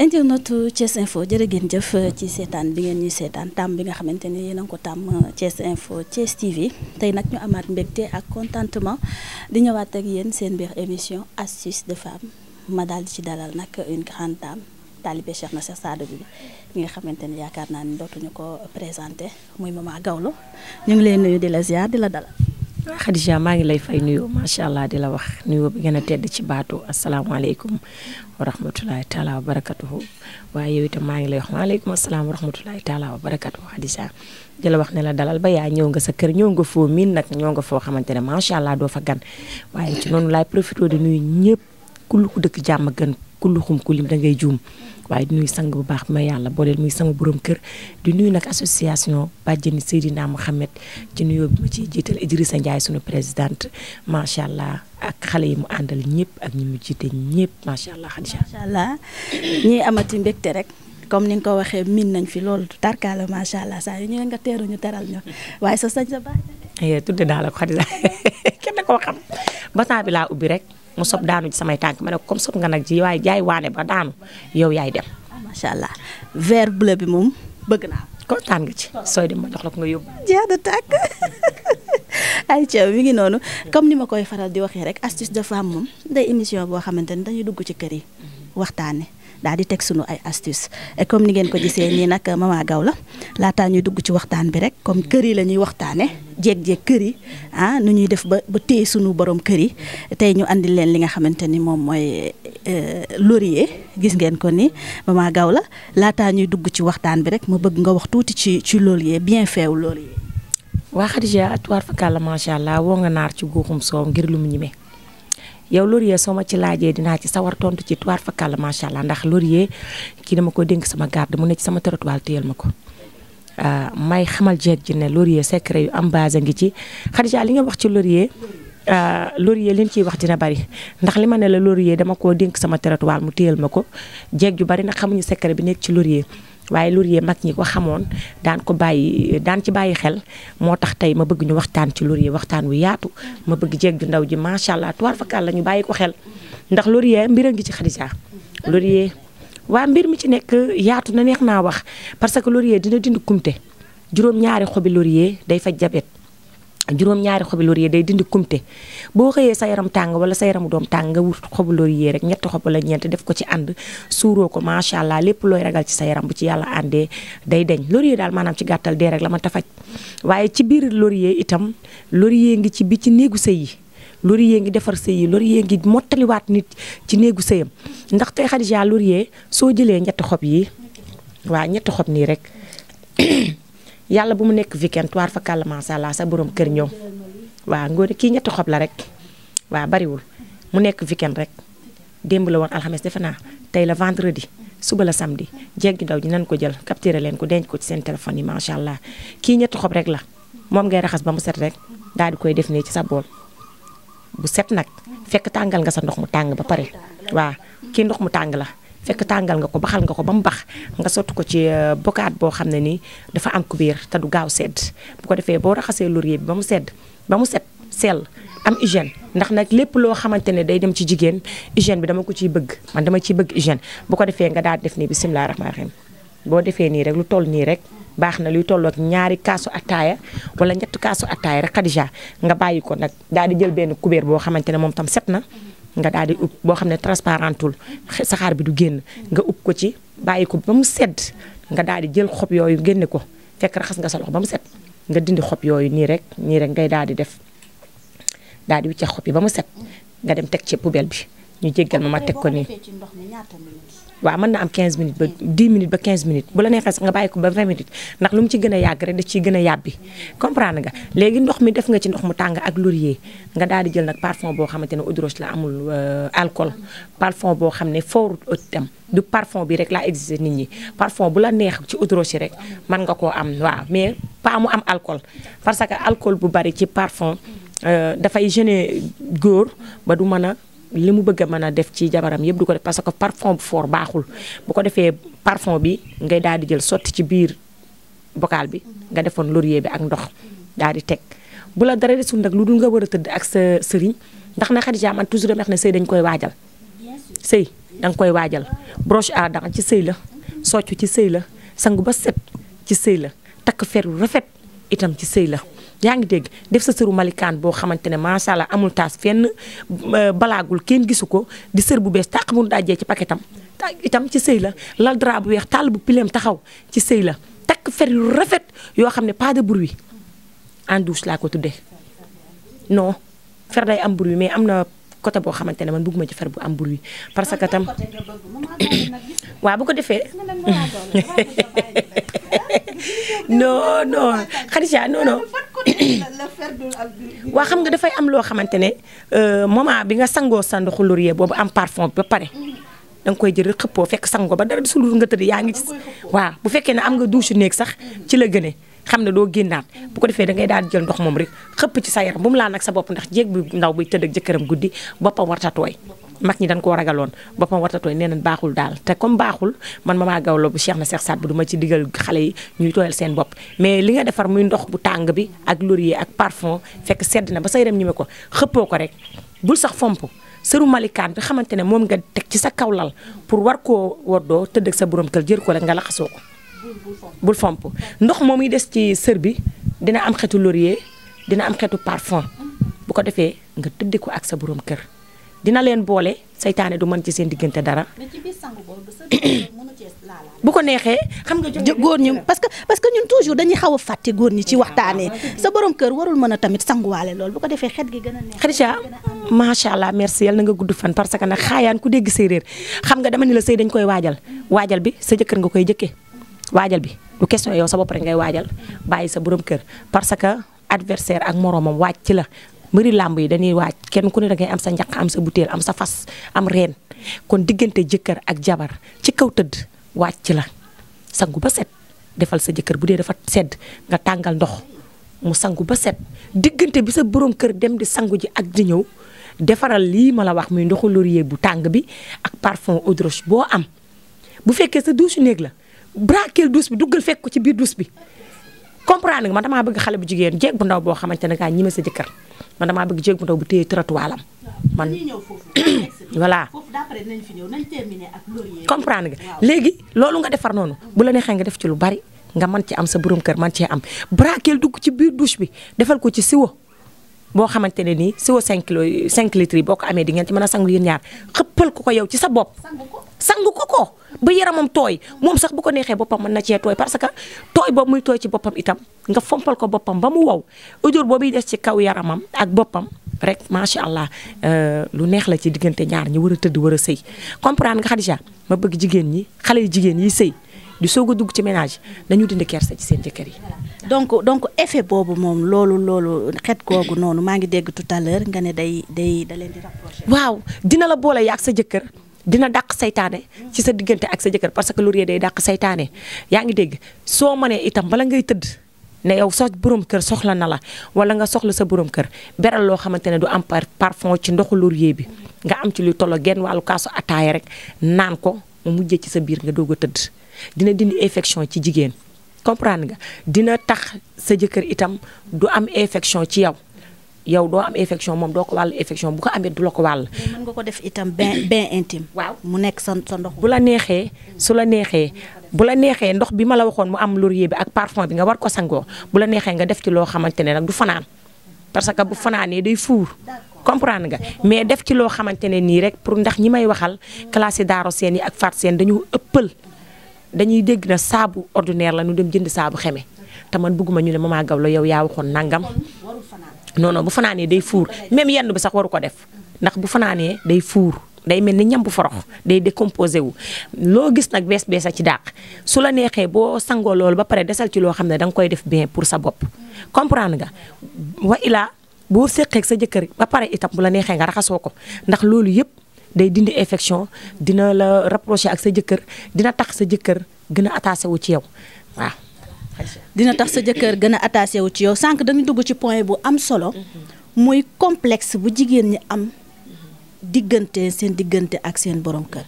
internet Thiès Info jërë ngeen jëf uh, ci seetaan bi ngeen ñuy seetaan tàmm bi nga xamante ni yéen a ko tàmm uh, Thiès Info Thiès TV tey nag ñu amaat mbégte ak contentement di ñëwaat ak yéen seen biir émission astuce de femme ma daal di ci dalal nag une grande dame taalibe Cheikh na Cheikh saado bi bi nga xamante ni yaakaar naa ni dootuñu ko présenté muy Mama Gawlo ñu ngi leen nuyu di la ziar di la dalal. Khadija maa ngi lay fay nuyoo macha allah di la wax nuyoo bi gën a tedd ci baatu asalaamaaleykum wa rahmatulahi taala wa barakatuhu waaye yow itam maa ngi lay wax waaleykum asalaam wa rahmatulahi taala wa barakatuhu Khadija di la wax ne la dalal ba yaa ñëw nga sa kër ñëw nga foo miin nag ñëw nga foo xamante ne macha allah doo fa gan waaye ci noonu laay profité di nuyu ñëpp kullu ku dëkk jàmm gën kullu xum kulim da ngay juum. waaye du nuyu sang bu baax bi ma yàlla booleel muy sama borom kër di nuyu nag association bàjjeni Seydina Mohamed ci nuyoo bi ma ci jiital Idrissa Ndiaye suñu président macha allah ak xale yi mu àndal ñëpp ak ñi mu jiite ñëpp macha allah. macha allah ñiy amati mbégte rek. comme ni nga ko waxee miin nañ fi loolu tarkaala macha allah saa yu ñëwee nga teeru ñu teral ñu waaye sa sañ sa baax. Eh, tudde naa la kenn ko xam bataan laa ubbi rek. mu sob daanu ci samay tànk ma ne ko comme sob nga nag ji waaye jaay waane ba daanu yow yaay dem. macha allah vert bleu bi moom bëgg naa kontaan nga ci sooy dem ma jox la ko nga yóbbu. jeex na tàkk ay ca mi ngi noonu comme ni ma koy faral di waxee rek astuce de femme moom day émission boo xamante ni dañuy dugg ci kër yi waxtaane daal di teg suñu ay astuce et comme ni ngeen ko gisee nii nag Mama la laataa ñuy dugg ci waxtaan bi rek comme kër yi la ñuy waxtaanee jéeg-jéeg kër yi ah nu ñuy def ba ba suñu sunu borom kër yi tey ñu andi leen li nga xamante ni moom mooy euh, lorier gis ngeen ko ni Mama la laataa ñuy dugg ci waxtaan bi rek ma bëgg nga wax tuuti ci ci laurier bien fait laurier. waa Khadija at war fa kàlla macha allah woo nga naar ci guuxum soow ngir lu mu ñime yow Laurier soo ma ci laajee dinaa ci sawar tontu ci tuwaar fakkàll macha allah ndax Laurier kii dama ko dénk sama garde mu ne ci sama territoire téyal ma ko. Ah, may xamal jeeg ji ne Laurier secret yu am base ngi ci Khadija li nga wax ci Laurier ah, Laurier liñ ciy wax dina bari ndax li ma ne la Laurier dama koo dénk sama territoire mu téyal ma ko jeeg ju bari nag xamuñu secret bi nekk ci Laurier waaye laurier mag ñi ko xamoon daan ko bàyyi daan ci bàyyi xel moo tax tey ma bëgg ñu waxtaan ci laurier waxtaan wu yaatu ma bëgg jeeg ju ndaw ji macha allah tuwaar fakal la ñu bàyyi ko xel ndax laurier mbir a ngi ci Khadija laurier waa mbir mi ci nekk yaatu na neex naa wax parce que laurier dina dindi kumte juróom ñaari xobi laurier day faj jabet juróom-ñaari xobu laurier day dindi kumte boo xëyee sa yaram tàng wala sa yaramu doom tàng nga wut xobu laurier rek ñetti xob la ñeent def ko ci ànd suuroo ko macha allah lépp looy ragal ci sa yaram bu ci yàlla àndee day deñ laurier daal maanaam ci gàttal dee rek la ma tafaj waaye ci biir laurier itam laurier ngi ci bi ci néegu sëy yi laurier ngi defar sëy yi laurier ngi mottaliwaat nit ci néegu sëyam ndax tey Xadija laurier soo jëlee ñetti xob yi waa ñetti xob nii rek yàlla bu mu nekk weekend waar fa kàlla macha allah sa borom kër ñëw waa ngoone kii ñetti xob la rek waa bariwul mu nekk weekend rek démb la woon alxames defe naa tey la vendredi suba la samedi jeeg gi ndaw ji nan ko jël capturé leen ko denc ko ci seen téléphone yi macha allah ki ñetti xob rek la moom ngay raxas ba mu set rek daal di koy def nii ci sa bool bu set nag fekk tàngal nga sa ndox mu tàng ba pare waaw kii ndox mu tàng la. fekk tàngal nga ko baxal nga ko ba mu bax nga sotti ko ci euh, bokaat boo xam ne ni dafa am kubéer te du gaaw sedd bu ko defee boo raxasee laurier bi ba mu sedd ba mu set sel am hygiène ndax nag lépp loo xamante ne day dem ci jigéen hygiène bi dama ko ciy bëgg man dama ciy bëgg hygiène bu ko defee nga daal def nii bisimilah rahmaani rahiim boo defee nii rek lu toll nii rek baax na luy tollook ñaari kaasu attaaya wala ñetti kaasu attaaya rek Xadija nga bàyyi ko nag daal di jël benn kubéer boo xamante ne moom tam set na nga daal di ub boo xam ne transparentul saxaar bi du génn nga ub ko ci bàyyi ko ba mu sedd nga daal di jël xob yooyu génne ko fekk raxas nga sa loxo ba mu set nga dindi xob yooyu nii rek nii rek ngay daal di def daal di wicce xob yi ba mu set nga dem teg ci poubelle bi ñu jéggal ma ma teg ko nii. waaw mën na am 15 minutes ba 10 minutes ba 15 minutes bu la neexee sax nga bàyyi ko ba 20 minutes ndax lu mu ci gën a yàgg rek da ciy gën a yàbbi comprendre nga léegi ndox mi def nga ci ndox mu tàng ak laurier nga daal di jël nag parfum boo xamante ne eau de roche la amul euh, alcool boo xam ne fooru itam du parfum bi rek laa existé nit ñi parfum bu la neex ci eau rek man nga koo am waaw mais pas mu am alcool parce que alcool bu bari ci parfum euh, dafay gêner góor ba du mën a li mu bëgg a mën a def ci jabaram yëpp du ko def parce que parfum bu fort baaxul bu ko defee parfum bi ngay daal di jël sotti ci biir bocal bi nga defoon laurier bi ak ndox daal di teg bu la dara desul nag lu dul nga war a tëdd ak sa sëriñ ndax na Xadija man toujours damay ne sëy dañ koy waajal sëy danga koy waajal broche à dents ci sëy la soccu ci sëy la sangu ba set ci sëy la takk fer rafet itam ci sëy la yaa ngi dégg def sa sëru malikaan boo xamante ne macha allah amul taas fenn euh, balaagul kenn gisu ko di sër bu bees tàq mu dajee ci paquetam itam ci sëy la lal dara bu weex tàll bu pileem taxaw ci sëy la takk fer yu rafet yoo xam ne pas de bruit en douche laa ko tuddee non fer day am bruit mais am na côté boo xamante ne man bëgguma ci fer bu am bruit parce que tam waaw bu ko defee non non Khadija non non waa xam nga dafay am loo xamante ne euh, moment bi nga sangoo sa ndoxu laurier boobu am parfum ba pare da nga koy jël xëppoo fekk sangoo ba dara du sulur nga tëdd yaa ngi ci waaw bu fekkee ne am nga douche néeg sax ci la gëne xam ne doo génnaat bu ko defee da ngay daal jël ndox moom rek xëpp ci sa yaram bu mu laal nag sa bopp ndax jéeg bu ndaw buy tëdd ak jëkkëram guddi boppam warta tooy mag ñi dañ ko ragaloon boppam warta tooy nee nañ baaxul daal te comme baaxul man mamaa gawlo bu Cheikh na Cheikh Saad bu duma ci digal xale yi ñuy tooyal seen bopp mais li nga defar muy ndox bu tàng bi ak lorier ak parfon fekk sedd na ba sa yaram ñime ko xëppoo ko rek bul sax fomp sëru malikaan nga xamante ne moom nga teg ci sa kaw lal pour war koo woddoo tëdd ak sa borom kër jër ko rek nga laxasoo ko bul fomp ndox moom yi des ci sër bi dina am xetu laurier dina am xetu parfum bu ko defee nga tëddi ko ak sa borom kër dina leen boole saytaane du man ci seen diggante dara. bu ko neexee xam nga góor ñi parce que parce que ñun toujours dañuy xaw a fàtte góor ñi ci ah, waxtaanee sa borom kër warul mën a tamit sanguwaale lool bu ko defee xet gi gën a neex. macha allah merci yal na nga gudd fan parce que nag xaayaan ku dégg séeréer xam nga dama ni la sëy dañ koy waajal waajal bi sa jëkkër nga koy jëkkee. waajal bi du question yow sa bopp rek ngay waajal bàyyi sa borom kër parce que adversaire ak moroomam waaj ci la mbëri làmb yi dañuy waaj kenn ku ne da ngay am sa njaq am sa butéel am sa fas am reen kon diggante jëkkër ak jabar ci kaw tëdd waaj ci la sangu ba set defal sa jëkkër bu dee dafa sedd nga tàngal ndox mu sangu ba set diggante bi sa borom kër dem di sangu ji ak di ñëw defaral lii ma la wax muy ndoxu lorier bu tàng bi ak parfum eau de boo am bu fekkee sa douche néeg la braquer douche bi duggal fekk ko ci biir douche bi comprendre nga man damaa bëgg xale bu jigéen jéeg bu ndaw boo xamante ne kaa ñi ma sa jëkkër man damaa bëgg jéeg bu ndaw bu téye trottoiram man voilà comprendre nga léegi loolu nga defar noonu bu la neexee nga def ci lu bari nga man ci am sa borom kër man cee am braquer dugg ci biir douche bi defal ko ci siwo boo xamante ne nii siwo 5 kilo 5 litres yi boo ko amee di ngeen ci mën a sangu yéen ñaar xëppal ko ko yow ci sa bopp. sangu ko ko ba yaramam tooy moom sax bu ko neexee boppam mën na cee tooy parce que tooy boobu muy tooy ci boppam itam nga fompal ko boppam ba mu wow ujur boobu des ci kaw yaramam ak boppam. rek macha allah euh, lu neex la ci diggante ñaar ñi war a tëdd war a sëy comprendre nga Khadija ma bëgg jigéen ñi xale yu jigéen yi sëy di soog a dugg ci ménage dañu dindi kersa ci seen jëkkër yi. donc donc effet boobu moom loolu loolu xet kooku noonu maa ngi dégg tout à nga ne day day da leen di rapprocher. waaw dina la boole yi ak sa jëkkër. dina dàq saytaane ci sa diggante ak sa jëkkër parce que lu day dàq saytaane yaa ngi dégg soo mënee itam bala ngay tëdd ne yow sa borom kër soxla na la wala nga soxla sa borom kër beral loo xamante ne du am par parfum ci ndoxu laurier bi nga am ci lu tollo genn wàllu kaasu ataaya rek naan ko mu mujjee ci sa biir nga doog a tëdd. dina dindi infection ci jigéen comprendre nga dina tax sa jëkkër itam du am infection ci yow yow doo am infection moom doo ko wàll infection bu ko amee du la ko wàll. mën ko def itam bain bain waaw mu nekk sa sa ndox. bu la neexee su la neexee bu la neexee ndox bi ma la waxoon mu am laurier bi ak parfum bi nga war ko sangoo bu la neexee nga def ci loo xamante ne nag du fanaan parce que bu fanaanee day fuur. comprendre nga mais def ci loo xamante ne nii rek pour ndax ñi may waxal classe Daaro Seen yi ak Fatou Seen dañu ëppal. dañuy dégg na saabu ordinaire la ñu dem jënd saabu xeme te man bëgguma ñu ne maman Gawlo yow yaa waxoon nangam non bu fanaanee day fuur même yenn bi sax waru ko def ndax bu fanaanee day fuur day mel ni ñam bu forox day décomposé wu loo gis nag bees bees a ci dàq su la neexee boo sangoo loolu ba pare desal ci loo xam ne da nga koy def bien pour sa bopp comprendre nga wa ilaa boo séqeeg sa jëkkër ba pare itam bu la neexee nga raxasoo ko ndax loolu yëpp day dindi infection dina la rapproché ak sa jëkkër dina tax sa jëkkër gën a attaché wu ci yow waaw. dina tax sa jëkkër gën a attaché wu ci yow sànq dañu dugg ci point bu am solo. muy complexe bu jigéen ñi am diggante seen diggante ak seen borom kër.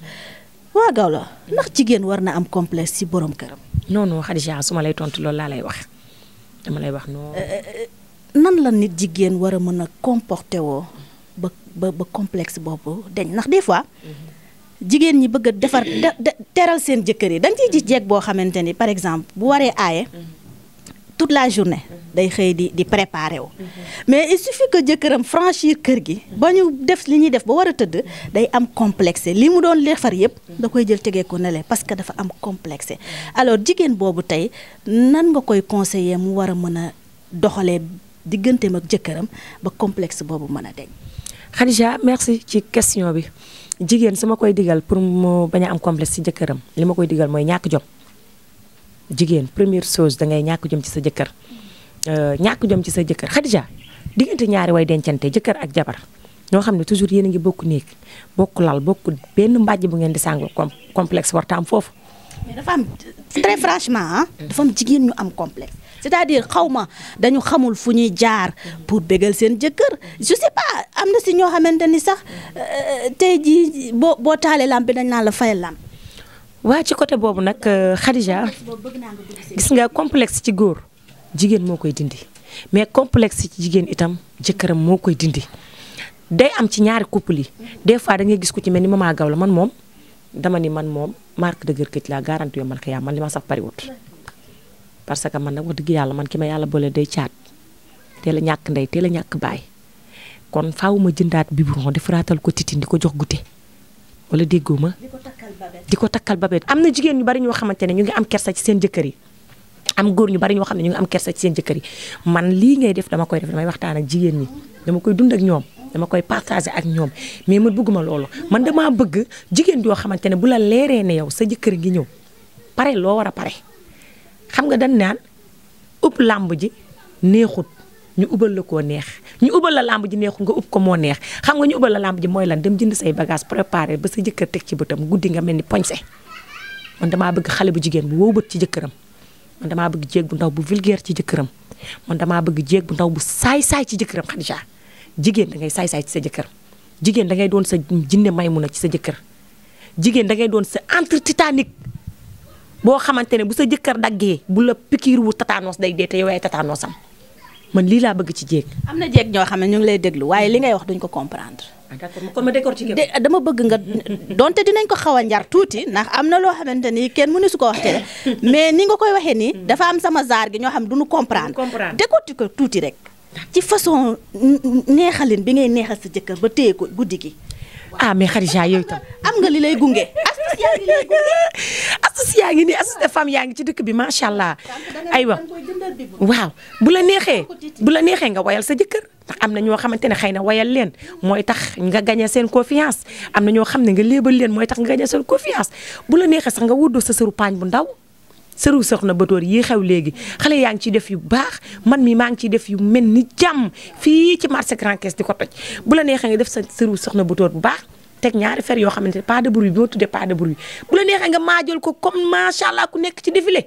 waa gaaw la ndax jigéen war na am complexe ci borom këram. noonu non Khadija su ma lay tontu loolu laa lay wax dama lay wax non. Euh, euh, euh, nan la nit jigéen war a mën a comporté woo ba ba complexe boobu dañ ndax des fois jigéen ñi bëgg a defar teral seen jëkkër yi dañ ciy gis jeeg boo xamante ni par exemple bu waree aaye toute la journée day xëy di di préparer wu mais il suffit que jëkkëram franchir kër gi ba ñu def li ñuy def ba war a tëdd day am complexe li mu doon defar yëpp da koy jël tegee ko nele parce que dafa am complexe alors jigéen boobu tey nan nga koy conseiller mu war a mën a doxalee digganteem ak jëkkëram ba complexe boobu mën a deñ Khadija merci ci question bi jigéen su ma koy digal pour mu bañ am complexe ci jëkkëram li ma koy digal mooy ñàkk jom jigéen première chose da ngay ñàkk jom ci sa jëkkër euh, ñàkk jom ci sa jëkkër Khadija diggante ñaari way dencante jëkkër ak jabar ñoo xam ne toujours yéen a ngi bokk néeg bokk lal bokk benn mbàjj bu ngeen di sàngul complexe warta am foofu. mais dafa franchement ah, dafa am jigéen ñu am complexe. c'est-à-dire xawma dañu xamul fu ñuy jaar pour bégal seen jëkkër je sais pas am na si ñoo xamante ni sax euh, te jii boo boo taalee lam bi dañ naan la fay lamp. waa ci côté boobu nag euh, Khadija gis nga complexe ci góor jigéen moo koy dindi mais complexe ci jigéen itam jëkkëram moo koy dindi day am ci ñaari couple yi des fois da ngay gis ku ci mel ni maman la man moom dama ni man moom marque de gërkëj laa garanti yombal xëy man li ma sax pariwut parce que man nag wax digg yàlla man ki ma yàlla boole day caat teel a ñàkk ndey teel a ñàkk baay kon faaw ma jëndaat biberon defaraatal ko titin di ko jox gute wala déggoo ma. di ko takkal babet di am na jigéen ñu bari ñoo xamante ne ñu ngi am kersa ci seen jëkkër yi. am góor ñu bari ñoo xam ne ñu ngi am kersa ci seen jëkkër yi man lii ngay def dama koy def damay waxtaan ak jigéen ñi dama koy dund ak ñoom dama koy partagé ak ñoom mais ma bëgguma loolu man damaa bëgg jigéen joo xamante ne bu la leeree ne yow sa jëkkër ngi ñëw xam nga dañ naan ub làmb ji neexut ñu ubal la koo neex ñu ubal la làmb ji neexut nga ub ko moo neex xam nga ñu ubal la làmb ji mooy lan dem jënd say bagage préparé ba sa jëkkër teg ci bëtam guddi nga mel ni poñse man damaa bëgg xale bu jigéen bu wow bët ci jëkkëram man damaa bëgg jéeg bu ndaw bu vulgaire ci jëkkëram man damaa bëgg jéeg bu ndaw bu saay-saay ci jëkkëram Xadija jigéen da ngay saay-saay ci sa jëkkër jigéen da doon sa jinne may mun a ci sa jëkkër jigéen da ngay doon sa entre titanique boo xamante ne bu sa jëkkër daggee bu la pikiir wu tataanos day dee te yow yaay tataanosam man lii laa bëgg ci jéeg. am na jeeg ñoo xam ne ñu ngi lay déglu waaye li ngay wax dañ ko comprendre. Ah, d'accord kon ma décortiquer dama bëgg nga donte dinañ ko xaw njar tuuti ndax am na loo xamante ni kenn mënu su ko waxte mais ni nga koy waxee nii. dafa am sama zaar gi ñoo xam ne duñu comprendre. comprendre décortiquer tuuti rek. ci façon neexalin bi ngay neexal sa jëkkër ba téye ko guddi gi. ah mais Khadija yooyu tam. am nga li lay gunge. yaa ngi lay gunge. astuce yaa ngi femme yaa ngi ci dëkk bi macha allah. aywa waaw bu la neexee bu la neexee nga wayal sa jëkkër. ndax am na ñoo xamante ne xëy na wayal leen mooy tax nga gagné seen confiance am na ñoo xam ne nga léebal leen mooy tax nga gagné seen confiance bu la neexee sax nga wuddoo sa seru paañ bu ndaw sëru soxna Batoor yii xew léegi xale yaa ngi ciy def yu baax man mi maa ngi ciy def yu mel ni jàmm fii ci marché Grand Caisse di ko toj bu la neexee nga def sa sëru soxna Batoor bu baax. teg ñaari fer yoo xamante ne pas de bruit bi ma tuddee pas de bruit nga maajal ko comme macha allah ku nekk ci défilé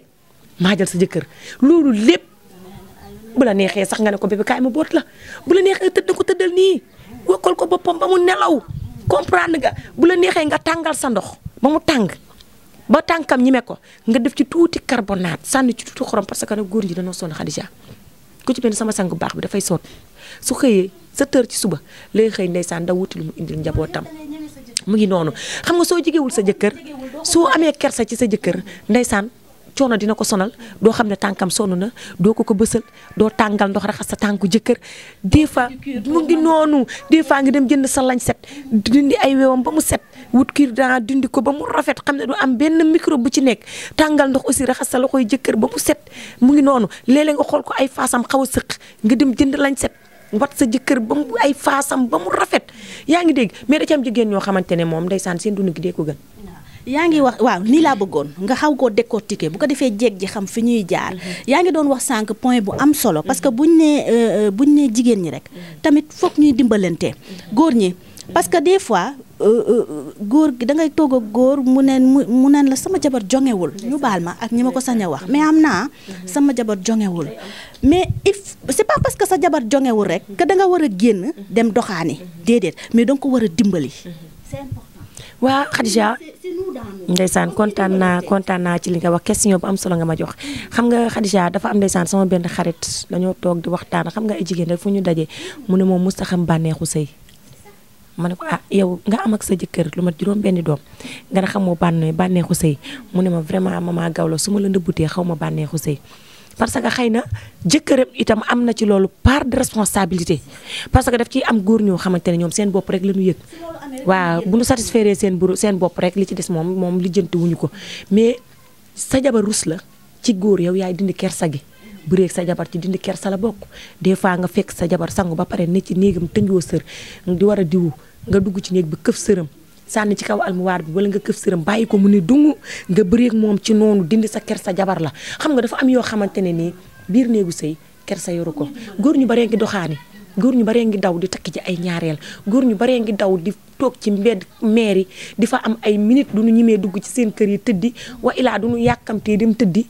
maajal sa jëkkër loolu lépp bu la neexee sax nga ne ko bébé kaay ma boot la bu la neexee tëdd ko tëddal nii wokkal ko boppam ba mu nelaw comprendre nga bu la neexee nga tàngal sa ndox ba mu tàng. ba tànkam ñi me ko nga def ci tuuti carbonate sànni ci tuuti xorom parce que nag góor ñi dañoo sonn Xadija ku ci mel sama sang baax bi dafay sonn su xëyee sa heures ci suba lay xëy ndeysaan da wuti lu mu indil njabootam mu ngi noonu xam nga soo jigéewul sa jëkkër soo amee kersa ci sa jëkkër ndeysaan coono dina ko sonal doo xam ne tànkam sonn na doo ko ko bësal doo tàngal ndox raxas sa tànku jëkkër des fois mu ngi noonu des fois ngi dem jënd sa lañ set dindi ay wewam ba mu set wut kiir dana dindi ko ba mu rafet xam ne du am benn microbe bu ci nekk tàngal ndox aussi raxas sa loxoy jëkkër ba mu set mu ngi noonu léeg xool ko ay faasam xaw sëq nga dem jënd lañ set wat sa jëkkër ba mu ay faasam ba mu rafet yaa ngi dégg mais da ci jigéen ñoo xamante ne moom ndeysaan seen dund gi dee ko gën yaa ngi wax waaw nii laa bëggoon nga xaw koo décortiquer bu ko defee jeeg ji xam fi ñuy jaar mhm. yaa ngi doon wax sànq point bu am solo parce que mhm. buñ ne euh, buñ ne jigéen ñi rek mhm. tamit foog ñuy dimbalante góor ñi parce que des fois euh, euh, góor gi da ngay toog ak góor mu neen mu neen la sama jabar jongewul ñu baal ma ak ñi ma ko sañ a wax mais am naa sama jabar jongewul mais if c'est pas parce que sa jabar jongewul rek que da war a génn dem doxaani déedéet mais da nga ko war a dimbali waaw Khadija ndeysaan kontaan naa kontaan naa ci li nga wax question bu am solo nga ma jox xam nga Khadija dafa am ndeysaan sama benn xarit dañoo toog di waxtaan xam nga ay jigéen rek fu ñu dajee mu ne moom mos a xam bànneexu sëy ma ne ko ah yow nga am ak sa jëkkër lu mat juróom benni doom nga ne xamoo bànne bànneexu sëy mu ne ma vraiment mama gawlo su ma la ndëbbutee xaw ma bànneexu sëy parce que xëy na jëkkëram itam am na ci loolu part de responsabilité parce que daf ciy am góor ñoo xamante ne ñoom seen bopp rek la ñu yëg. waaw bu ñu satisfaire seen buru seen bopp rek li ci des moom moom lijjanti wuñu ko mais sa jabar rus la ci góor yow yaay dindi kersa gi. bu réeg sa jabar ci dindi kersa la bokk des fois nga fekk sa jabar sangu ba pare ne ci néegam tënjoo sër di war a diwu nga dugg ci néeg bi këf sëram. sànni ci kaw almuwaar bi wala nga këf sëram bàyyi ko mu ne dungu nga bëreeg moom ci noonu dindi sa kersa jabar la xam nga dafa am yoo xamante ne nii biir néegu sëy kersa yoru ko góor ñu baree ngi doxaani góor ñu baree ngi daw di takk ci ay ñaareel góor ñu baree ngi daw di toog ci mbedd meer yi di fa am ay minute du ñu ñimee dugg ci seen kër yi tëddi wa ilaa du ñu yàkkamtee dem tëddi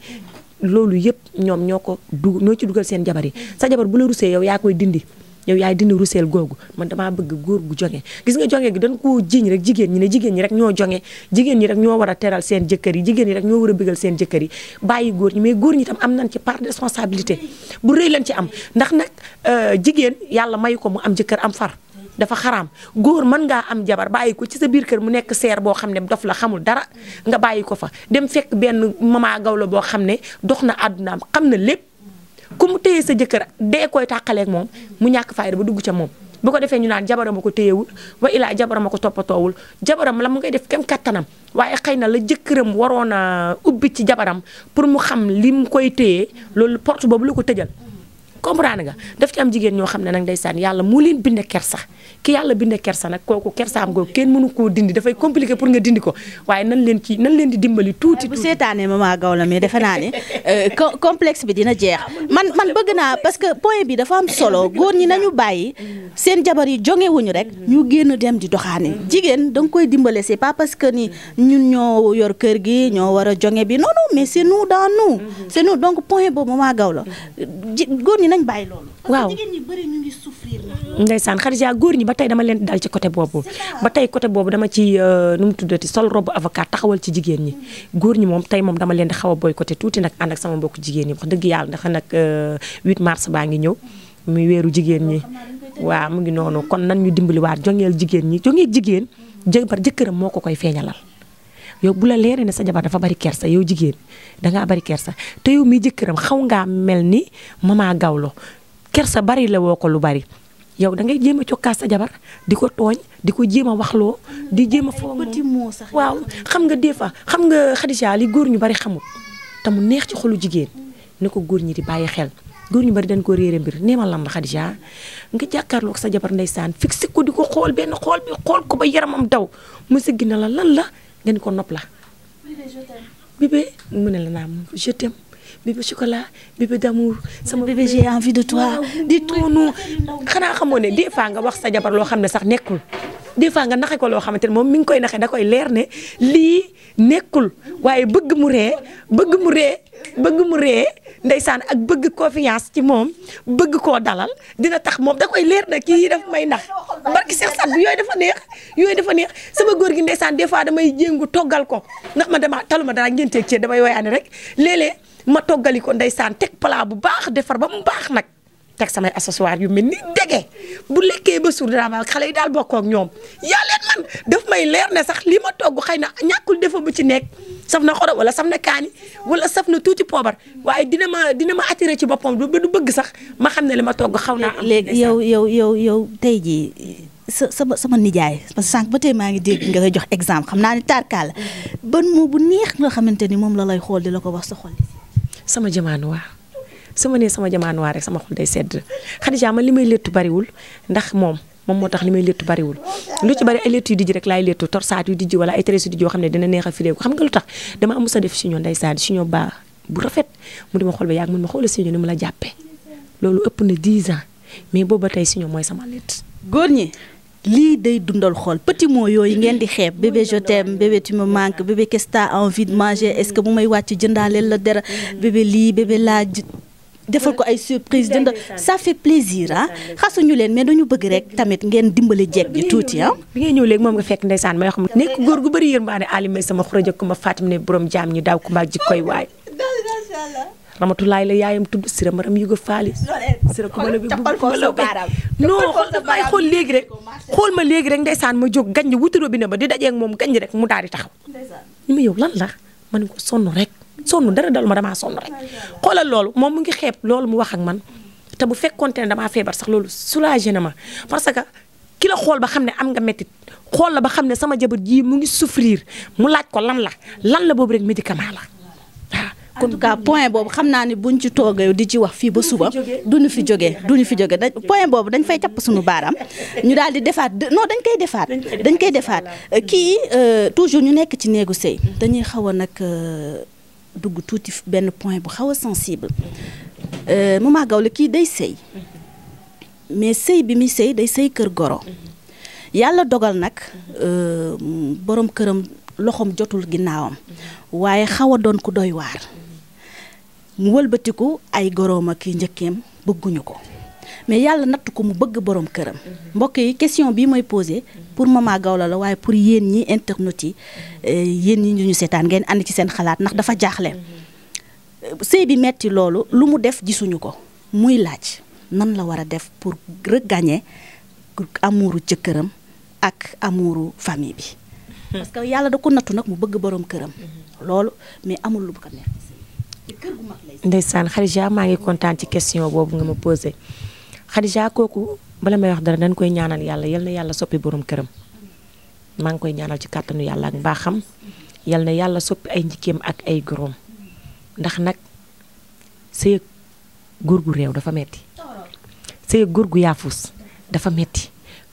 loolu yëpp ñoom ñoo ko du noo ci dugal seen jabar yi sa jabar bu la rusee yow yaa koy dindi yow yaay dindi ruseel googu man damaa bëgg góor gu jonge gis nga jonge gi dañ koo jiñ rek jigéen ñi ne jigéen ñi rek ñoo jonge jigéen ñi rek ñoo war a teral seen jëkkër yi jigéen ñi rek ñoo war a bëggal seen jëkkër yi bàyyi góor ñi mais góor ñi tam am nañ ci part de responsabilité bu rëy lañ ci am ndax nag euh, jigéen yàlla mayu ko mu am jëkkër am far dafa xaram góor mën ngaa am jabar bàyyi ko ci sa biir kër mu nekk seer boo xam ne dof la xamul dara nga bàyyi ko fa dem fekk benn mama gawlo boo xam ne dox na àddunaam xam na lépp ku mu téye sa jëkkër a dee koy tàqaleeg moom mu ñàkk fayda ba dugg ca moom bu ko defee ñu naan jabarama ko téyewul wa ilaa jabarama ko toppatoowul jabaram la mu ngay def kem kattanam waaye xëy na la jëkkëram waroon a ubbi ci jabaram pour mu xam li mu koy téye loolu porte boobu la ko tëjal comprendre nga daf ci am jigéen ñoo xam ne nag ndeysaan yàlla moo leen bind kersa ki yàlla bind kersa nag leen ci nan leen di dimbali tuuti. bu seetaanee maman Gawla mais euh, bi dina jeex ah, man man bëgg naa parce que point bi dafa am solo góor ñi nañu bàyyi seen jabar yi jongewuñu rek ñu génn dem di doxaane jigéen da koy dimbale c'est pas parce que ni ñun ñoo yor kër gi ñoo war a jonge bi non non mais c'est nous dans nous mm-hmm. c'est nous donc point boobu maman Gawla góor ñi nañ bàyyi loolu. waaw parce que jigéen góor ñi ba tey dama leen dal ci côté boobu ba tey côté boobu dama ci euh, nu mu tuddati sol robe avocat taxawal ci jigéen ñi. góor ñi moom tey moom dama leen di xaw a boycotté tuuti nag ànd ak sama mbokku jigéen ñi wax dëgg yàlla ndax nag 8 euh, mars baa ngi ñëw muy weeru jigéen ñi. waaw mu ngi noonu kon nan ñu dimbaliwaat jongeel jigéen ñi jongeel jigéen jëbar jëkkëram moo ko koy feeñalal yow bu la leeree ne sa jabar dafa bari kersa yow jigéen dangaa bari kersa te yow mi jëkkëram xaw ngaa mel ni mama gawloo kersa bari la woo ko lu bari yow da ngay jéem a cokkaas sa jabar di ko tooñ di ko jéem a waxloo di jéem a foo waaw xam nga des fois xam nga Khadija li góor ñu bari xamul te mu neex ci xolu jigéen ne ko góor ñi di bàyyi xel góor ñu bari dañ ko réere mbir nee ma lan la Khadija nga jàkkaarloog sa jabar ndeysaan fixé ko di ko xool benn xool xool ko ba yaramam daw mu siggi na la lan la nga ni ko nopp la. bébé mu ne la naam je t'aime bébé chocolat bébé d'amour sama bébé en envie de toi. di tuunu xanaa xamoo ne des fois nga wax sa jabar loo xam ne sax nekku des fois nga naxe ko loo xamante ne moom mi ngi koy naxe da koy leer ne lii nekkul waaye bëgg mu ree bëgg mu ree bëgg mu ree ndeysaan ak bëgg confiance ci moom bëgg koo dalal dina tax moom da koy leer na kii dafa may nax barki Seex Saadu yooyu dafa neex yooyu dafa neex sama góor gi ndeysaan des fois damay jéngu toggal ko ndax ma dama taluma dara ngeen teeg cee damay woyaane rek léeg ma toggali ko ndeysaan teg plat bu baax defar ba mu baax nag teg sama accessoire yu mel ni dege bu lekkee ba suur dinaa xale yi daal bokkoo ak ñoom yaa leen man daf may leer ne sax li ma togg xëy na ñàkkul defa bu ci nekk saf na xorom wala saf na kaani wala saf na tuuti poobar waaye dina ma dina ma attiré ci boppam du bëgg sax ma xam ne li ma togg xaw naa am léegi yow yow yow yow tey jii sa sama sama nijaay parce que ba tey maa ngi dégg nga koy jox exemple xam naa ne tarkaal ban moo bu neex nga xamante ni moom la lay xool di la ko wax sa sama jamaanu waa sama nee sama jamaan waa rek sama xol day sedd Khadija man li may léttu bariwul ndax moom moom moo tax li may léttu bariwul lu ci bari ay léttu yu dijj rek laay léttu torsaat yu dijj wala ay tresses yu dijj yoo xam ne dina a firéeku xam nga lu tax dama amu sa si ñoo ndeysaan mu di ma xool ba yàgg mun ma xoola si ñoo ni mu la jàppee loolu ëpp na 10 ans mais booba tey si ñoo mooy sama létt góor ñi lii day dundal xol petit mot yooyu ngeen di xeeb bébé je t'aime bébé tu me manques bébé qu'est-ce que t'as envie de bu may wàcc jëndaaleel la dara bébé lii bébé laa defal ko ay surprise dënd ça fait plaisir ah xasuñu leen mais dañu bëgg rek tamit ngeen dimbali jeeg ji tuuti ah bi ngay ñëw léegi moom nga fekk ndeysaan may wax mu nekk góor gu bëri yërmaane alimay sama xuraj ak ma Fatim ne borom jaam ñu daaw ku mbaag ji koy waay ramatulaay la yaayam tudd sira maram yuga faali sira ku ma la bi bu ko la non may xool léegi rek xool ma léegi rek ndeysaan ma jóg gañ wuti robinet ba di dajeeg moom gañ rek mu daal di taxaw ñu ma yow lan na ma ne ko sonn rek sonn dara dalu ma damaa sonn rek xoolal loolu moom mu ngi xeeb loolu mu wax ak man te bu fekkoonte ne damaa feebar sax loolu soulagé na ma parce que kilo xool ba xam ne am nga méttit xool la ba xam ne sama jabar jii mu ngi souffrir mu laaj ko lan la lan la boobu rek médicament la waaw. kon en tout cas point boobu xam naa ne buñ ci toogee di ci wax fii ba suba. duñu fi du duñu fi jógee da point boobu dañ fay capp suñu baaraam. ñu daal di defaat non dañ koy defaat. dañ koy defaat kii euh, toujours ñu nekk ci néegu sëy dañuy xaw a nag. Euh, dugg tuuti benn point bu xaw a sensible euh, Mama Gawlo kii day sëy mais sëy bi muy sëy day sëy kër goro yàlla dogal nag euh, borom këram loxoom jotul ginnaawam waaye xaw a doon ku doy waar mu wëlbatiku ay goro ak i njëkkeem bëgguñu ko mais yàlla natt ko mu bëgg boroom këram. mbokk yi question bii mooy posé pour Mama Gawlo la waaye pour yéen ñi internautes yi eh, yéen ñi ñu seetaan ngeen ànd ci seen xalaat ndax dafa jaaxle. sëy bi metti loolu lu mu def gisuñu ko muy laaj nan la war a def pour regagner amuuru jëkkëram ak amuuru famille bi. parce que yàlla da ko nattu nag mu bëgg boroom këram. loolu mais amul lu ko neex. ndeysaan Khadija maa ngi kontaan ci question boobu nga ma posé. Khadija kooku bala may wax dara dañ koy ñaanal yàlla yal na yàlla soppi borom këram maa ngi koy ñaanal ci kàttanu yàlla ak mbaaxam yal na yàlla soppi ay njikkeem ak ay góorom ndax nag sëy góor gu réew dafa metti sëy góor gu yaafus dafa metti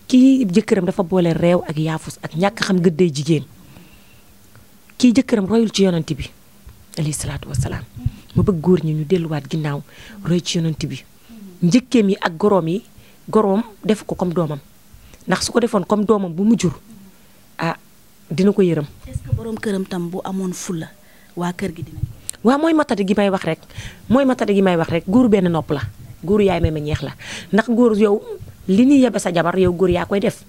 kii jëkkëram dafa boole réew ak yaafus ak ñàkk xam gëddee jigéen kii jëkkëram royul ci yonent bi alayhi salaatu wasalaam ma bëgg góor ñi ñu delluwaat ginnaaw roy ci yonent bi njëkkeem yi ak goroom yi goroom def ko comme doomam ndax su ko defoon comme doomam bu mu jur ah dina ko yërëm. est que borom këram tam bu amoon fulla waa kër gi dina. waaw mooy matadi gi may wax rek mooy matadi gi may wax rek góor benn nopp la góor yaay may ma ñeex la ndax góor yow li ñuy yebe sa jabar yow góor yaa koy def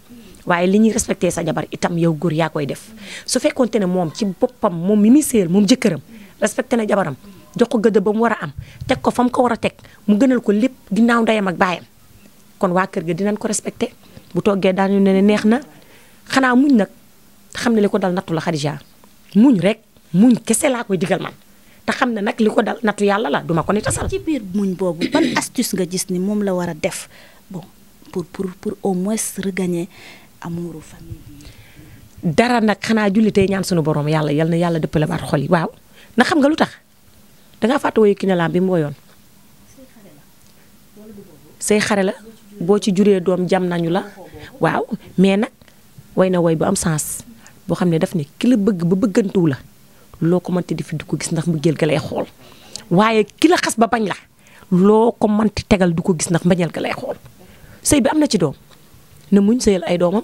waaye li ñuy respecté sa jabar itam yow góor yaa koy def su fekkoonte ne moom ci boppam moom mi muy séyal moom jëkkëram. respecté na jabaram jox ko gëdd ba mu war a am teg ko fa mu ko war a teg mu gënal ko lépp ginnaaw ndeyam ak baayam kon waa kër gi dinañ ko respecté bu toggee daañu ne neex na xanaa muñ nag xam ne ko dal nattu la Khadija muñ rek muñ kese laa koy digal man te xam ne nag li ko dal nattu yàlla la duma ko ni tasal. ci biir muñ boobu ban astuce nga gis ni moom la war a def bon pour pour pour au moins regagner amouru famille dara nag xanaa jullitee ñaan sunu borom yàlla yal na yàlla dëppale baat xol yi waaw. na xam nga lu tax dangaa fàtte woyu Kiné bi mu woyoon say xare la boo ci juree doom jam nañu la waaw mais nag woy na woy bu am sens boo xam ne daf ne ki bëgg ba bëggantuwu la loo ko mënti di fi du ko gis ndax mu jël ga lay xool waaye ki xas ba bañ la loo ko mënti tegal du ko gis ndax mbañal ga lay xool sëy bi am na ci doom ne muñ sëyal ay doomam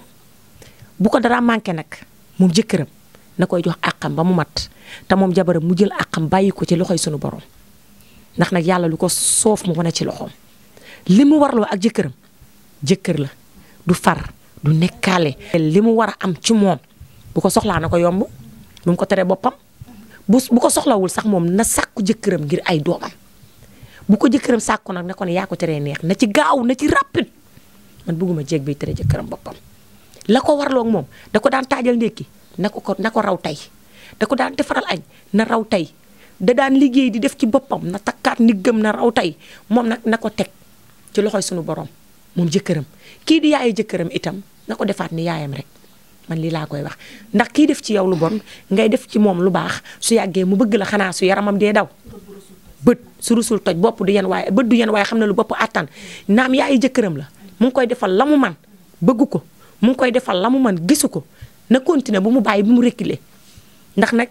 bu ko dara manqué nag mu jëkkëram na koy jox àqam ba mu mat te moom jabaram mu jël àqam bàyyi ko ci loxoy sunu borom ndax nag yàlla lu ko soof mu wane ci loxoom li mu warloo ak jëkkëram jëkkër la du far du nekkaale. li mu war a am ci moom bu ko soxlaa na ko yomb bu mu ko teree boppam bu bu ko soxlawul sax moom na sàkku jëkkëram ngir ay doomam bu ko jëkkëram sàkku nag ne ko ne yaa ko teree neex na ci gaaw na ci rapide man bëgguma jéeg biy tere jëkkëram boppam. la ko warloog moom da ko daan taajal ndékki na ko ko na ko raw tey da ko daan defaral añ na raw tey da daan liggéey di def ci boppam na takkaat ndiggam na raw tey moom nag na ko teg ci loxo sunu borom moom jëkkëram kii di yaayu jëkkëram itam na ko defaat ni yaayam rek man lii laa koy wax ndax kii def ci yow lu bon ngay def ci moom lu baax su yàggee mu bëgg la xanaa su yaramam dee daw bët su rusul toj bopp du yenn waaye bët du yen waaye xam ne lu bopp attan naam yaayu jëkkëram la mu koy defal la man bëgg ko mu ngi koy defal la mu man gisu ko na continuer bu mu bàyyi bu mu reculer ndax nag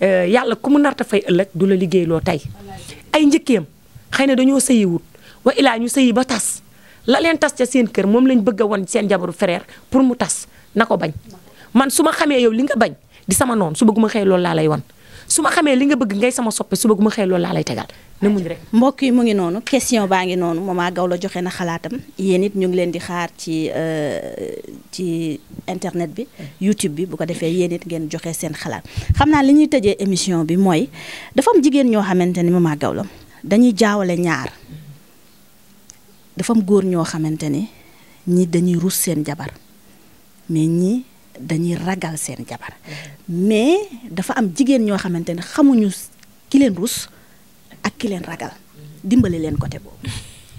euh, yàlla ku mu narta fay ëllëg du la liggéeyloo tey ay njëkkeem xëy na dañoo sëyiwut wa ilaa ñu sëyi ba tas la leen tas ca seen kër moom lañ bëgg woon seen jabaru frère pour mu tas na ko bañ man su ma xamee yow li nga bañ di sama noon su bëgg ma xëy loolu laa lay wan su ma xamee li nga bëgg ngay sama soppe su bëgg ma xëy loolu laa lay tegal na rek. mbokk yi mu ngi noonu question baa ngi noonu Mama Gawlo joxe na xalaatam yéen it ñu ngi leen di xaar ci euh, ci internet bi YouTube bi bu ko defee yéen it ngeen joxe seen xalaat xam naa li ñuy tëjee émission bi mooy dafa am jigéen ñoo xamante ni Mama Gawlo dañuy jaawale ñaar dafa góor ñoo xamante ni ñi dañuy rus seen jabar mais ñi dañuy ragal seen jabar mm-hmm. mais dafa am jigéen ñoo xamante ni xamuñu ki leen rus. ak ki leen ragal dimbale leen côté boobu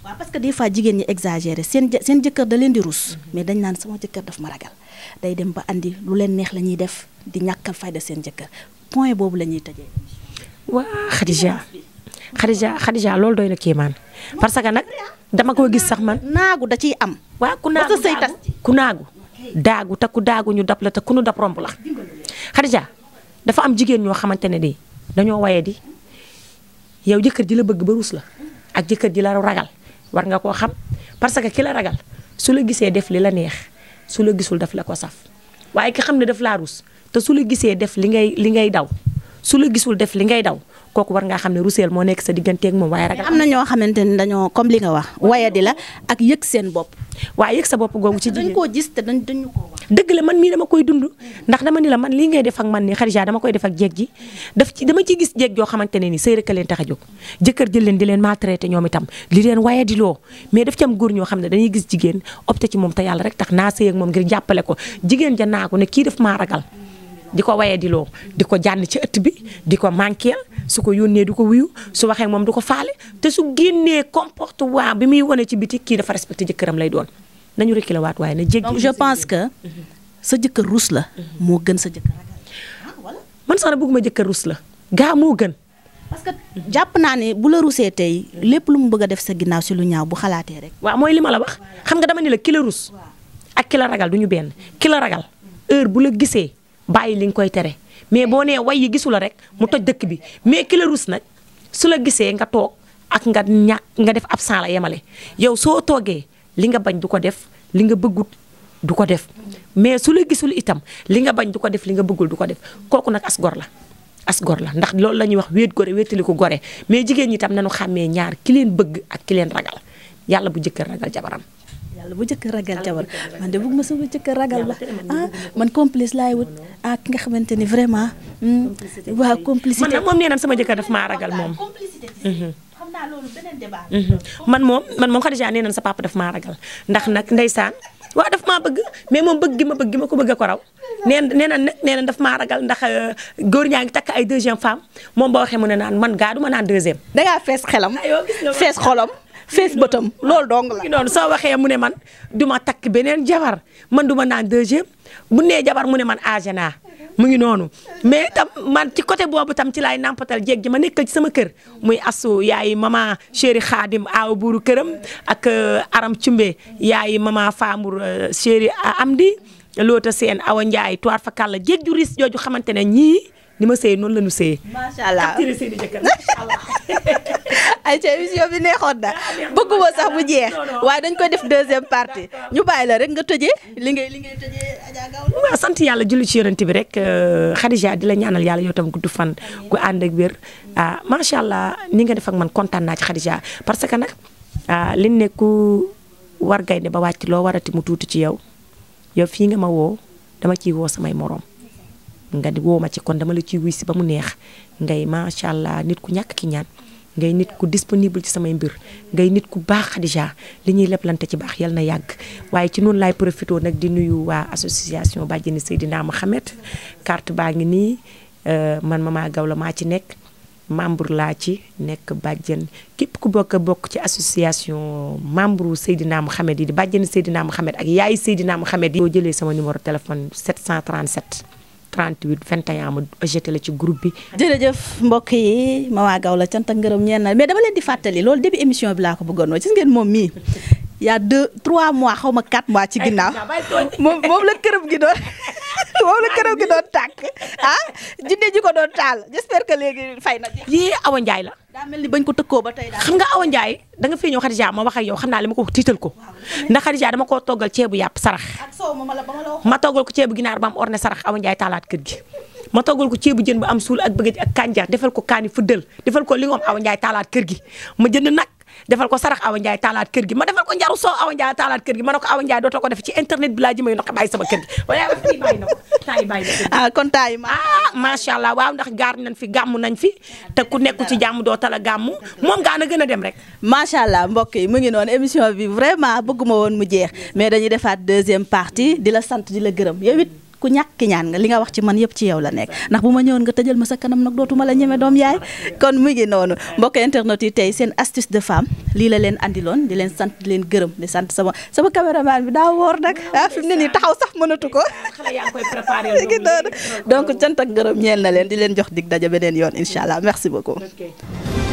waaw parce que des fois jigéen ñi exagéré seen seen jëkkër da leen di rus mais dañ naan sama jëkkër daf ma ragal day dem ba andi lu leen neex la ñuy def di ñàkkal fayda seen jëkkër point boobu la ñuy tëjee waa Khadija Khadija Khadija loolu doy na kéemaan parce que nag dama ko gis sax man naagu da ciy am waa ku naagu ku naagu daagu te ku daagu ñu dab la te ku ñu dab romb la Khadija dafa am jigéen ñoo xamante ne di dañoo waye di yow jëkkër ji la bëgg ba ruus la ak jëkkër ji la ragal war nga koo xam parce que kii la ragal su la gisee def li la neex su la gisul def la ko saf waaye ki xam ne daf laa ruus te su la gisee def li ngay li ngay daw su la gisul def li ngay daw kooku war ngaa xam ne ruseel moo nekk sa digganteeg moom waaye ragal am na ñoo xamante ne dañoo comme li nga wax waaye di la ak yëg seen bopp waaye yëg sa bopp googu ci dañ koo gis te dañ dañu dëgg la man mii dama koy dund ndax dama ni la man lii ngay def ak man ni Khadija dama koy def ak jeeg ji ci dama ciy gis jeeg joo xamante ne ni sëy rek leen tax a jóg leen di leen maltraité ñoom itam li leen waaye di loo mais daf ci am ñoo xam ne dañuy gis jigéen opté ci moom te yàlla rek tax naa sëy ak moom ngir jàppale ko jigéen ja naa ko ne kii daf maa ragal di ko waye di loo di ko jànn ci ëtt bi di ko manqueel su ko yónnee du ko wuyu su waxee moom du ko faale te su génnee comportement bi muy wane ci biti kii dafa respecté jëkkëram lay doon nañu reculer waat waaye na jéggi donc je pense que sa jëkkër rus la moo gën sa jëkkër ah, man sax na bëgguma jëkkër rus la gaa moo gën parce que jàpp naa ne bu la rusee tey lépp lu mu bëgg a def sa ginnaaw si lu ñaaw bu xalaatee rek waaw mooy li ma la wax xam nga dama ni la kilo la rus ak ki ragal du ñu benn kilo ragal heure bu la gisee bàyyi li nga koy tere mais boo nee way yi gisu la rek mu toj dëkk bi mais ki la rus nag su la gisee nga toog ak nga ñàkk nga def ab la yemale yow soo toogee li nga bañ du ko def li nga bëggut du ko def mais su la gisul itam li nga bañ du ko def li nga bëggul du ko def kooku nag as gor la as gor ndax loolu la ñuy wax wéet gore wéetali ko gore mais jigéen ñi tam itam nañu xàmmee ñaar ki bëgg ak ki leen ragal yàlla bu jëkkër ragal jabaram yàlla bu jëkk ragal jabar man de bëgg ma sama jëkkër ragal ah, ba man complice laay wut a ah, ki nga xamante ni vraiment. Hmm, waa complicité man nag moom nee na sama jëkkër daf maa ragal moom. Mhm. xam naa loolu beneen mhm. man moom man moom Khadija nee na sa papa daf maa ragal ndax nag saan waaw daf maa bëgg mais moom bëgg gi ma bëgg gi ma ko bëgg a ko raw nee na nee na nee na daf maa ragal ndax euh, gor ñaa ngi takk ay deuxième femme moom boo waxee mu ne naan man gaa du ma naan deuxième. dangaa fees xelam fees xolam. fees bëtam loolu dong la. noonu soo waxee mu ne man du ma takk beneen jabar man du ma naan deuxième bu nee jabar mu ne man âgé mu ngi noonu mais tam man ci côté boobu tam ci laay nampatal jéeg ji ma nekkal ci sama kër muy asu yaay mama chéri xaadim aaw buuru këram ak euh, aram cumbe yaay mama faamur euh, chéri amdi loota seen awa njaay toir fa kàlla jéeg ju ris jooju xamante ne ñii ni ma sëyee noonu la ñu sëyee. macha allah capturé seen i jëkkër na bëgguma sax mu jeex waaye dañ koy def deuxième partie ñu bàyyi la rek nga tëjee li ngay li ngay tëjee sant yàlla julli ci yonent bi rek euh, Khadija di la ñaanal yàlla yoo tam gudd fan gu ànd ak wér ah macha allah ni nga def ak man kontaan naa ci Khadija parce que nag ah, li nekku ku war gaynde ba wàcc loo warati mu tuuti ci yow yow fii nga ma woo dama ciy woo samay moroom nga di woo ma ci kon dama la ci wuy si ba mu neex ngay macha allah nit ku ñàkk ki ñaan ngay nit ku disponible ci samay mbir ngay nit ku baax Xadija li ñuy leblante ci baax yal na yàgg waaye ci noonu laay profité nag di nuyu waa association Bàjjeni dinaa Mohamed carte baa ngi nii euh, man Mama Gawla maa ci nekk membre laa ci nekk bàjjen képp ku bokk bokk ci association membre Seydina Mohamed yi di bàjjeni Seydina Mohamed ak yaay Seydina Mohamed yi. boo jëlee sama numéro téléphone 737. 38 21 ma jeté la ci groupe bi. jërëjëf mbokk yi ma waa gaw la cant ak ngërëm ñeen na mais dama leen di fàttali loolu début émission bi laa ko bëggoon wax gis ngeen moom mii yaa a deux trois mois xaw ma quatre mois ci ginnaaw moom moom la këram gi doon moom la këram gi doon tàkk ah jinne ji ko doon taal j'espère que léegi fay na. yii Awa njaay la. daa mel ni bañ ko tëkkoo ba tey xam nga Awa Ndiaye da nga fee ñëw Khadija ma wax ak yow xam naa li ma ko tiital ko ndax Khadija dama koo toggal ceebu yàpp sarax. ma toggal ko ceebu ginaar ba am orne sarax Awa Ndiaye taalaat kër gi. ma toggal ko ceebu jën bu am suul ak bëgg ak kànja defal ko kaani fuddal defal ko li nga am Awa Ndiaye taalaat kër gi ma jënd nag defal ko sarax Awa Ndiaye taalaat kër gi ma defal ko njaru soo Awa Ndiaye taalaat kër gi ma ne ko Awa Ndiaye dootoo ko def ci internet bi laa ji may ndox bàyyi sama kër gi wala ah, kon taay ma ah macha allah waaw ndax gaar nañ fi gàmm nañ fi te ku nekku ci jàmm doo tala gàmm moom gaana na gën dem rek macha allah mbokk yi mu ngi noonu émission bi vraiment bëgguma woon mu jeex mais dañuy defaat deuxième partie di la sant di la gërëm yow it ku ñàkki ñaan nga li nga wax ci man yëpp ci yow la nekk ndax bu ma ñëwoon nga tëjal ma sa kanam nag dootuma la ñeme doom yaay kon mu ngi noonu mbokk internet yi tey seen astuce de femme lii la leen andiloon di leen sant leen gërëm di sant sama sama caméraman bi daa woor nag ah fi mu ne nii taxaw sax mënatu ko ngi noonu donc cant ak gërëm ñeel la leen di leen jox dig daja beneen yoon incha allah merci beaucoup